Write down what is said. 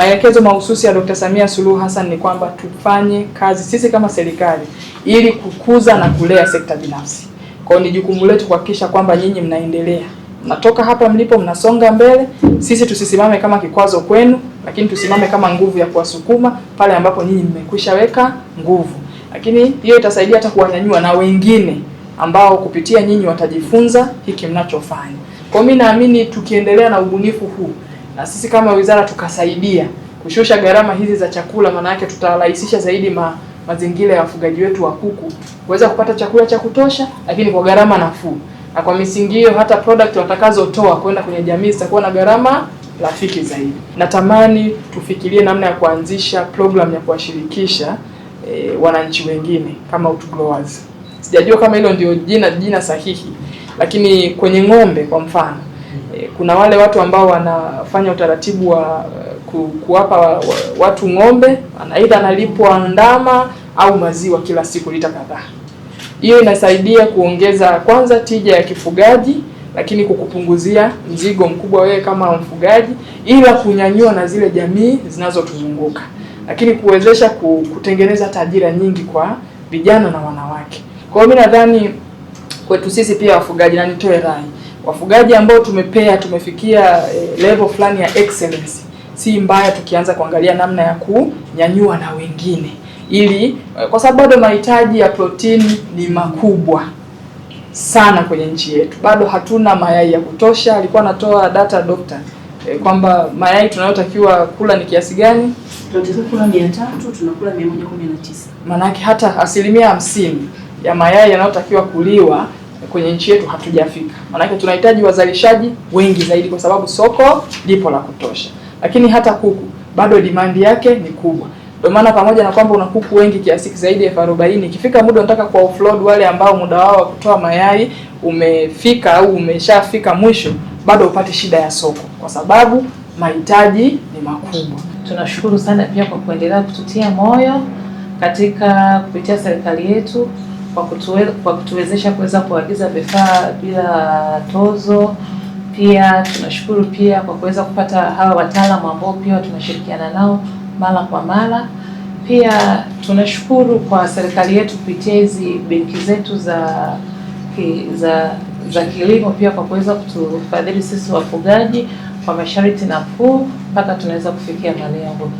Maelekezo mahususi ya Dkt. Samia Suluhu Hassan ni kwamba tufanye kazi sisi kama serikali ili kukuza na kulea sekta binafsi. Kwa hiyo ni jukumu letu kuhakikisha kwamba nyinyi mnaendelea, mnatoka hapa mlipo, mnasonga mbele. Sisi tusisimame kama kikwazo kwenu, lakini tusimame kama nguvu ya kuwasukuma pale ambapo nyinyi mmekwisha weka nguvu. Lakini hiyo itasaidia hata kuwanyanyua na wengine ambao kupitia nyinyi watajifunza hiki mnachofanya. Kwa mimi naamini tukiendelea na ubunifu huu na sisi kama wizara tukasaidia kushusha gharama hizi za chakula, maana yake tutarahisisha zaidi ma, mazingira ya wafugaji wetu wa kuku kuweza kupata chakula cha kutosha, lakini kwa gharama nafuu. Na kwa misingi hiyo hata product watakazotoa kwenda kwenye jamii zitakuwa na gharama rafiki zaidi. Natamani tufikirie namna ya kuanzisha program ya kuwashirikisha e, wananchi wengine kama Utugrowers. Sijajua kama hilo ndio jina jina sahihi, lakini kwenye ng'ombe kwa mfano Eh, kuna wale watu ambao wanafanya utaratibu wa eh, ku, kuwapa watu ng'ombe, aidha analipwa ndama au maziwa kila siku lita kadhaa. Hiyo inasaidia kuongeza kwanza tija ya kifugaji, lakini kukupunguzia mzigo mkubwa wewe kama mfugaji, ila kunyanyua na zile jamii zinazotuzunguka, lakini kuwezesha kutengeneza tajira nyingi kwa vijana na wanawake. Kwa hiyo mimi nadhani kwetu sisi pia wafugaji, na nitoe rai wafugaji ambao tumepea tumefikia eh, level fulani ya excellence, si mbaya tukianza kuangalia namna ya kunyanyua na wengine, ili eh, kwa sababu bado mahitaji ya protini ni makubwa sana kwenye nchi yetu, bado hatuna mayai ya kutosha. Alikuwa anatoa data doctor eh, kwamba mayai tunayotakiwa kula ni kiasi gani? Tunatakiwa kula 300, tunakula 119. Maanake hata asilimia hamsini ya mayai yanayotakiwa kuliwa kwenye nchi yetu hatujafika. Maanake tunahitaji wazalishaji wengi zaidi, kwa sababu soko lipo la kutosha. Lakini hata kuku bado demand yake ni kubwa. Ndio maana pamoja na kwamba una kuku wengi kiasi zaidi ya 40 ikifika muda unataka kwa offload wale ambao muda wao wa kutoa mayai umefika au umeshafika mwisho, bado upate shida ya soko, kwa sababu mahitaji ni makubwa. Tunashukuru sana pia kwa kuendelea kututia moyo katika kupitia serikali yetu kwa, kutuwe, kwa kutuwezesha kuweza kuagiza vifaa bila tozo. Pia tunashukuru pia kwa kuweza kupata hawa wataalamu ambao pia tunashirikiana nao mara kwa mara. Pia tunashukuru kwa serikali yetu kupitia hizi benki zetu za ki, za za kilimo pia kwa kuweza kutufadhili sisi wafugaji kwa masharti nafuu mpaka tunaweza kufikia malengo.